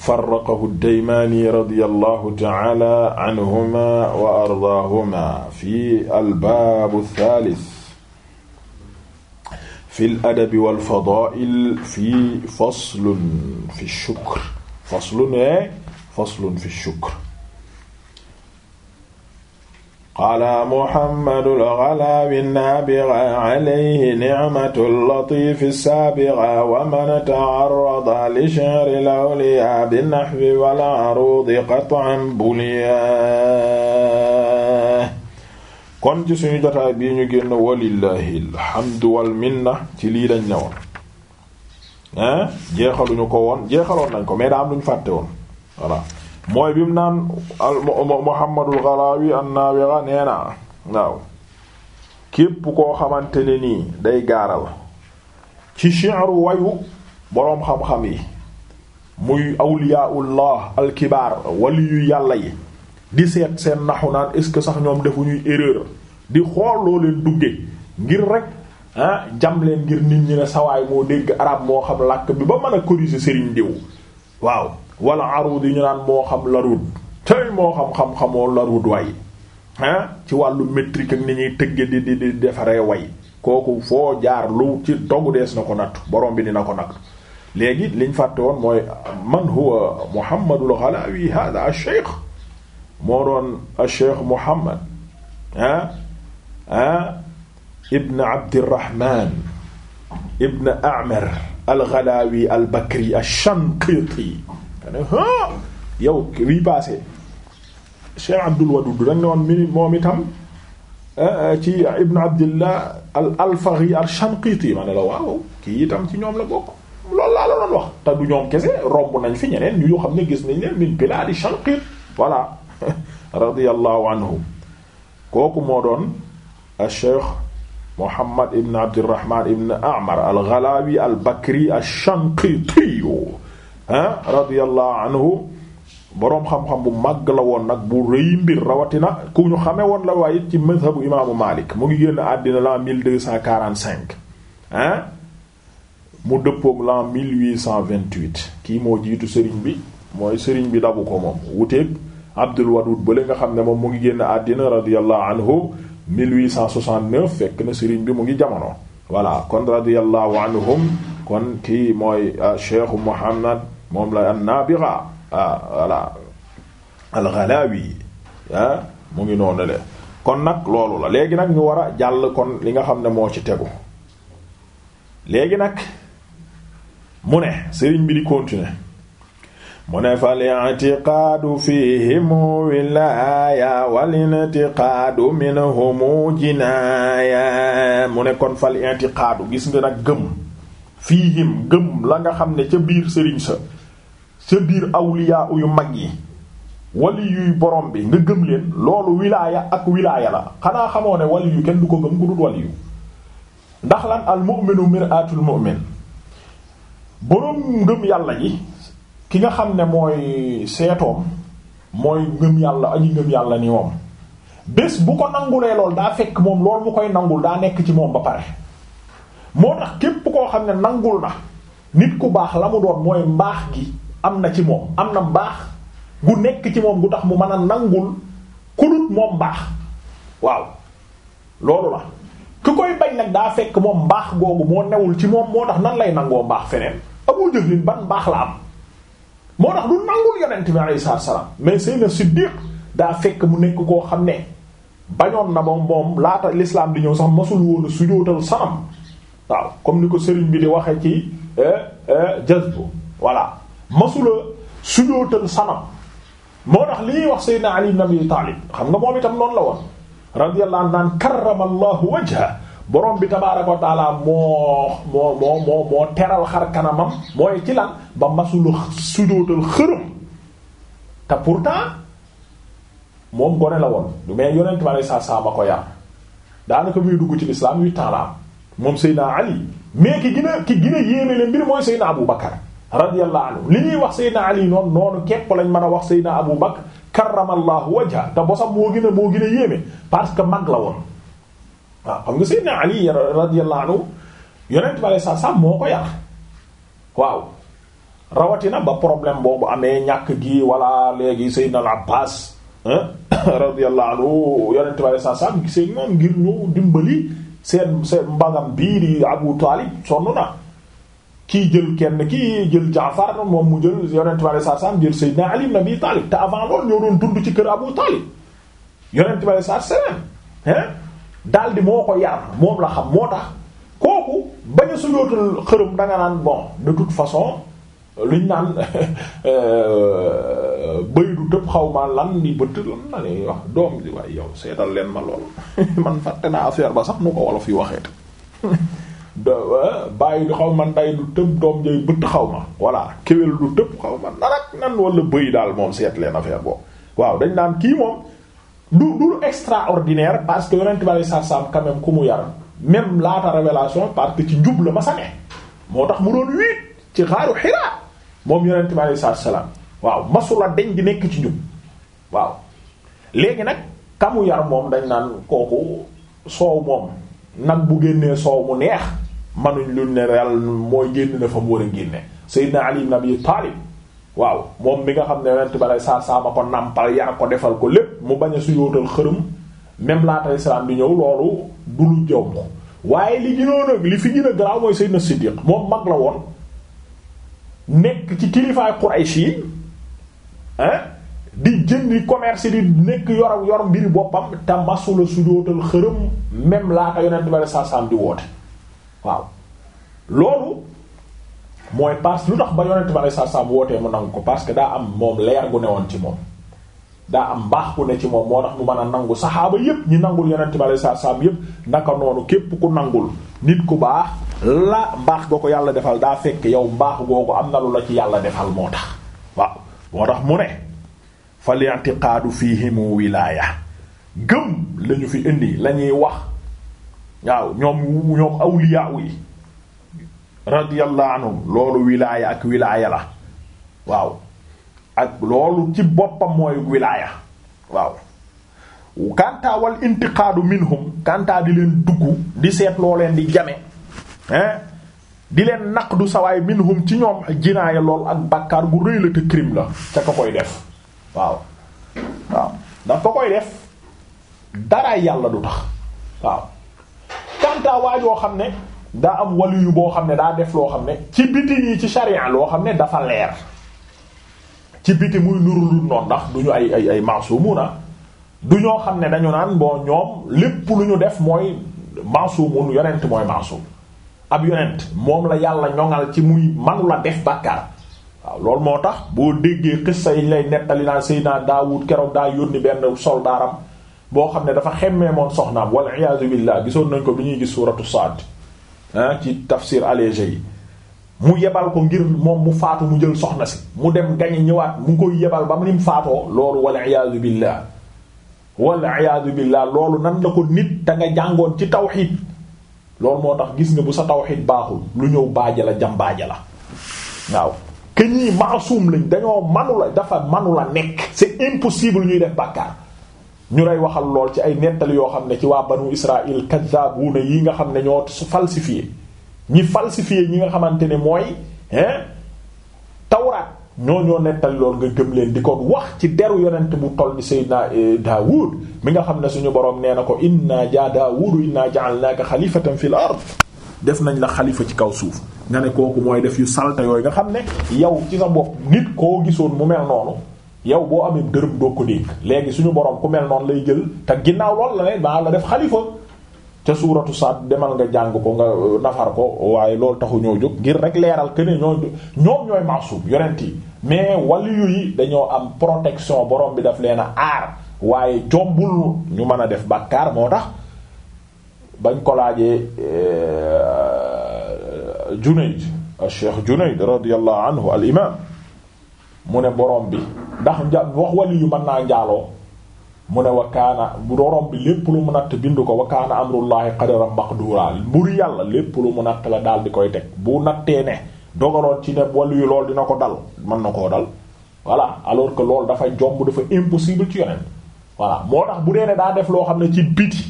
farraqahu daymaani radiyallahu ta'ala anhuma wa ardaahuma fi albaabu thaalith fil adabi wal fadaa'il fi faslun fi shukr faslun eh faslun fi shukr xala muhammadul xalaawin naabiga alayhi nicmatul latiifi saabiga wa man taarrada li shi'ril awliyaa bi nahwi wal aruudi qat'an buliyaa kon ci suñu jotaay bii ñu génn walillaahi alhamdu wal minna ci lii dañ ne woon hein jeexaluñu ko woon jeexaloon nañ ko mais daa am luñu fàtte woon voilà mooy bi mu naan Muhammadul Ghalawi an-Nawawi nee na waaw képp koo xamante ne nii day gaaral ci shi'ru wayu boroom xam-xam yi muy awliyaullah alkibaar waliyu yàlla yi di seet seen naxu naan est-ce que sax ñoom defu ñuy erreur di xool loo leen dugge ngir rek ah jam leen ngir nit ñi ne sawaay moo dégg arab moo xam làkk bi ba mën a corriger sëriñ diw waaw wala aruud yi ñu naan moo xam laruud tey moo xam xam-xamoo laruud way ah ci wàllu métrique ak ni ñuy tëgge di di defaree way kooku foo jaar lu ci dogu dees na ko natt borom bi dina ko nag léegi liñ fàtte woon mooy man huwa Muhammadul Ghalawi hada ash-shaykh moo doon ash-shaykh Muhammad ah ah ibn Abdirrahman ibn A'mar al-Ghalawi al-Bakri ash-Shanqiti nga ne yow bii paase Cheikh Abdul Wadud dañ ne woon mi moom itam eh, eh, ci Ibn Abdillah al Alfaghi al Shanqiti ma la waaw kii itam ci ñoom la bokk loolu laa la doon wax te du ñoom kese romb nañ fi ñeneen ñu yoo xam ne gis nañ leen min bilaadi Shanqit voilà radiyallahu anhu kooku moo doon eh, Cheikh Muhammad ibn Abdirrahman ibn A'mar al Ghalawi al Bakri al Shanqiti ah radiyallahu anhu boroom xam-xam bu màgg la woon nag bu rëy mbir rawatina ku ñu xamee woon la waaye ci mazhabu imaamu Malik mu ngi génn àddina l'an 1245 ah mu dëppoog l'an 1828 kii moo jiitu sëriñ bi mooy sëriñ bi dabu ko moom wuteeg Abdul Wadud bële nga xam ne moom mu ngi génn àddina radiyallahu anhu 1869 fekk na sëriñ bi mu ngi jamono. voilà kon radiyallahu anhum kon kii mooy euh, Cheikh Muhammad moom la an-Naabiga ah voilà al-Ghalawi ah, mu ngi noonu le kon nag loolu la léegi nag ñu war a jàll kon li nga xam ne moo ci tegu léegi nag mu ne sëriñ bi di continuer mu ne fal i'tiqaadu fihimu wilaaya wal intiqaadu minhumu jinaaya mu ne kon fal i'tiqaadu gis nga nag gëm fiihim gëm la nga xam ne ca biir sëriñ sa ca biir awliyaa yu mag yi wali yuy borom bi nga gëm leen loolu wilaaya ak wilaaya la xanaa xamoo ne wali yu kenn du ko gëm ku dul wali yu ndax lan al mu'minu mir'atul mu'min boroom ngëm yàlla ji ki nga xam ne mooy seetoom mooy ngëm yàlla aji ngëm yàlla ni moom bés bu ko nangulee lool daa fekk moom loolu mu koy nangul daa nekk ci moom ba pare moo tax képp koo xam ne nangul na nit ku baax la mu doon mooy mbaax gi am na ci moom am na mbaax gu nekk ci moom gu tax mu mën a nangul ku dul moom mbaax waaw loolu la ku koy bañ nag daa fekk moom mbaax googu moo newul ci moom moo tax nan lay nangoo mbaax feneen Abu Jahl ban mbaax la am moo tax du nangul yonent bi alayhi salaam mais Seydina Siddiq daa fekk mu nekk koo xam ne bañoon na moom moom laata lislaam di ñëw sax masul woon sujjóotal sanam waaw comme ni ko sëriñ bi di waxe ci eh, eh, jazbu voilà masula sujootal sanam moo tax li ñuy wax Seydina Ali ibn Abi Taalib xam nga moom itam noonu la woon radiyallahu anhu naan karrama allahu wajha borom bi tabaaraka wa taala moo moo moo teral xar kanamam mooy ci lan ba masula sujootal xërëm te pourtant moom gone la woon du mais yonent ma lay saa saa ma ko yar daanaka muy dugg ci lislaam huit ans am moom Seydina Ali mais ki gën a ki gën a yéeme le mbir mooy Seydina Abu Bakar radiyallahu anhu li ñuy wax Seydina Ali noonu noonu képp lañ mën a wax Seydina Abu Bakr karramallahu wajha te bosam moo gën a moo gën a yéeme parce que mag la woon waaw xam nga Seydina Ali radiyallahu anhu yonent bale sa sam moo ko yar ba problème boobu amee ñàkk gi wala léegi Seydina al-Abbas radiyallahu anhu ngir ñëw dimbali seen seen mbagam bii Abu Talib sonn na kii jël kenn kii jël Jaafar moom mu jël yonent bi saa saam jël Seydina Ali ibn Abi Talib te avant loolu ñoo doon dund ci kër Abu Talib yonent bi saa saam hein daal di moo ko yar moom la xam moo tax kooku bañ a sujootal xërëm danga naan bon de toute façon luñ naan euh, bëy du tëb xaw ma lan di bëtt lan na ne wax doom di waaye yow seetal leen ma lool man fàtte naa affaire ba sax nu ko wolof yi waxeet bàyyi du xaw ma nday du tëb doom jay bëtt xaw ma voilà kéwél du tëb xaw ma narak nan wala bëy daal moom seetlee leen affaire boobu waaw dañ naan kii moom du du extraordinaire parce que yonent bari sarsam quand même ku mu yar même laata révélation parce que ci njub la ma sane moo tax mu doon huit ci xaaru Hira moom yonent bi alei salaam waaw masula deñ di nekk ci njub waaw léegi nag kamu yar moom dañ naan kooku soow moom nag bu génnee soow mu neex manuñ luñ ne real mooy génn na fa mu war a génne Seydina Ali ibn Abi waaw moom mi nga xam ne yonent balay saa saa ma ko nàmpal yaa ko defal ko lépp mu bañ a suyootal xërëm même laata islam ñëw waaye li gënoon ak li fi gën a garaaw mooy moom mag la woon nekk ci kilifaay ay yi ah di jëndi commerce di nekk yor yor mbiri boppam te su suyootal xërëm même laata yonent balay saa saa di woote. waaw loolu mooy parce lu tax ba yonent ba ne saa saa wootee mu nangu ko parce que daa am moom leer gu newoon ci moom daa am mbaax gu ne ci moom moo tax mu mën a nangu saxaaba yépp ñi nangul yonent ba ne saa saa yépp naka noonu képp ku nangul nit ku baax la mbaax goo ko yàlla defal daa fekk yow mbaax googu am na lu la ci yàlla defal moo tax waaw moo tax mu ne fal i'tiqaadu fiihim wilaaya gëm lañu fi indi lañuy wax waaw ñoom ñoom awliyaa yi radiyallahu anhum loolu wilaaya ak wilaaya la waaw ak loolu ci boppam mooy wilaaya waaw kantaa wal intiqaadu minhum kantaa di leen dugg di seet loo leen di jame hein di leen naq du sawaay minhum ci ñoom jinaaya lool ak bàkkaar gu rëy la te la ca ka koy def waaw waaw ndax ka koy def dara yàlla du tax waaw kanta waajoo xam ne daa am waliyu boo xam ne daa def loo xam ne ci biti nii ci sharia loo xam ne dafa leer ci biti muy nuru lu noonu ndax duñu ñu ay ay ay maasumuna du ñoo xam ne dañu naan bon ñoom lépp lu ñu def mooy maasumun yonent mooy maasum ab yonent moom la yàlla ñoŋal ci muy man la def bàkkaar waaw loolu moo tax boo déggee xissa yi lay nettali naan Seydina Daawud keroog daa yónni benn soldaaram boo xam ne dafa xemmee moon soxnaam wal iyaazu billah gisoon nañ ko bi ñuy gis suratu Saad ah, ci tafsir allégé yi mu yebal ko ngir moom mu faatu mu jël soxna si mu dem gañe ñëwaat mu koy yebal ba mu nim faatoo loolu wal iyaazu billah wal iyaazu billah loolu nan la ko nit da nga jàngoon ci tawxid loolu moo tax gis nga bu sa tawxid baaxul lu ñëw baaja la jam baaja la waaw ke ñii maasum lañ dañoo manu la dafa manu la nekk c'est impossible ñuy def bàkkaar ñu lay waxal lool ci ay nettali yoo xam ne ci waa banu Israël kazzabuna yi nga xam ne ñoo falsifié ñi falsifié ñi nga xamante ne mooy hein tawraat ñoo ñoo nettali lool nga gëm leen di ko wax ci deru yonent bu toll ni Seydina eh, Daawud mi nga xam ne suñu boroom nee na ko inna ja Daawudu inna ja'alnaaka xalifatan fil ard def nañ la xalifa ci kaw suuf nga ne kooku mooy def yu salta yooyu nga xam ne yow ci sa bopp nit koo gisoon mu mel noonu yow boo amee dërëm doo ko dégg léegi suñu borom ku mel noonu lay jël te ginnaaw lool la ne maa la def xalifa ca suuratu Saad demal nga jàng ko nga euh, nafar ko waaye loolu taxu ñoo jóg ngir rek leeral que ne ñoo ñoom ñooy maasum yonent yi mais waliyu yi dañoo am protection boroom bi daf leen a aar waaye jombul ñu mën a def bàkkaar moo tax bañ ko laajee euh, Junayd Cheikh Junayd radiyallahu anhu al mu ne borom bi ndax ja wax wali yu mën naa njaaloo mu ne wakaana borom bi lépp lu mu natt bind ko wakaana amrullahi qadaran maqdura mburu yàlla lépp lu mu natt la daal di koy teg bu nattee ne dogaloon ci ne wali yu lool dina ko dal mën na koo dal voilà alors que loolu dafa jomb dafa impossible ci yonent voilà moo tax bu dee ne daa def loo xam ne ci biti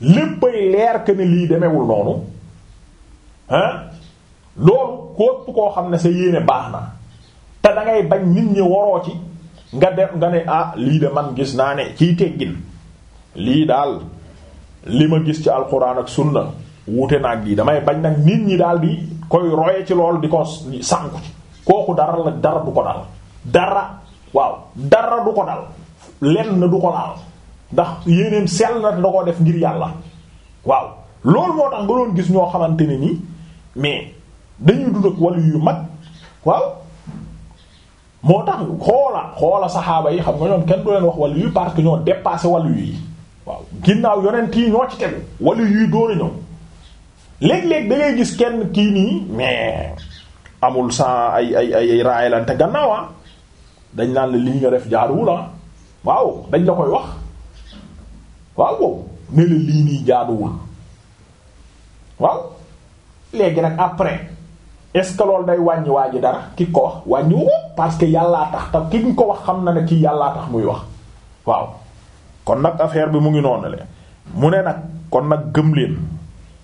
léppay leer que ne lii demewul noonu hein loolu képp koo xam ne sa yéene baax na te da ngay ñi waroo ci nga def nga ne ah lii de man gis naa ne ciy teggin lii daal li ma gis ci alquran ak sunna wuute naag lii damay bañ nag nit ñi daal di koy roye ci lool di ko sànku ci kooku dara la dara du ko dal dara waaw dara du ko dal lenn du ko laal ndax yéeneem sel na da ko def ngir yàlla waaw loolu moo tax nga doon gis ñoo xamante ne nii mais dañuy dund ak yu mag waaw moo tax xoola xoola saxaaba yi xam nga ñoom kenn du leen wax wàllu yi parce que ñoo dépassé wàllu yi waaw ginnaaw yonent yi ñoo ci tegu wàllu yi doori ñëw léeg-léeg da gis kenn kii nii mais amul sans ay ay ay raayalante gannaawa ah. dañ naan la lii nga def jaaduwul ah. waaw dañ la koy wax waaw wow ne la lii nii jaaduwul waaw léegi nag après. est-ce que loolu day wàññi waa ji dara ki ko wax wàññiwu ko parce que yàllaa tax tax ki ko wax xam na ne kii yàllaa tax muy wax waaw kon nag affaire bi mu ngi noonu le mu ne nag kon nag gëm leen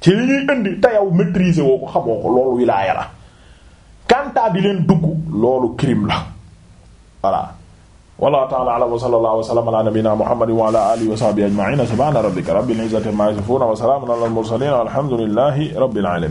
ci li ñuy indi te yow maîtriser woo ko xamoo ko loolu wilaaya la kanta di leen dugg loolu crime la voilà wallahu ta'ala a'lam wa sallallahu wa sallama ala nabiyyina muhammadin wa ala alihi wa sahbihi ajma'in subhana rabbika wa salamun ala al mursalin walhamdulillahi rabbil alamin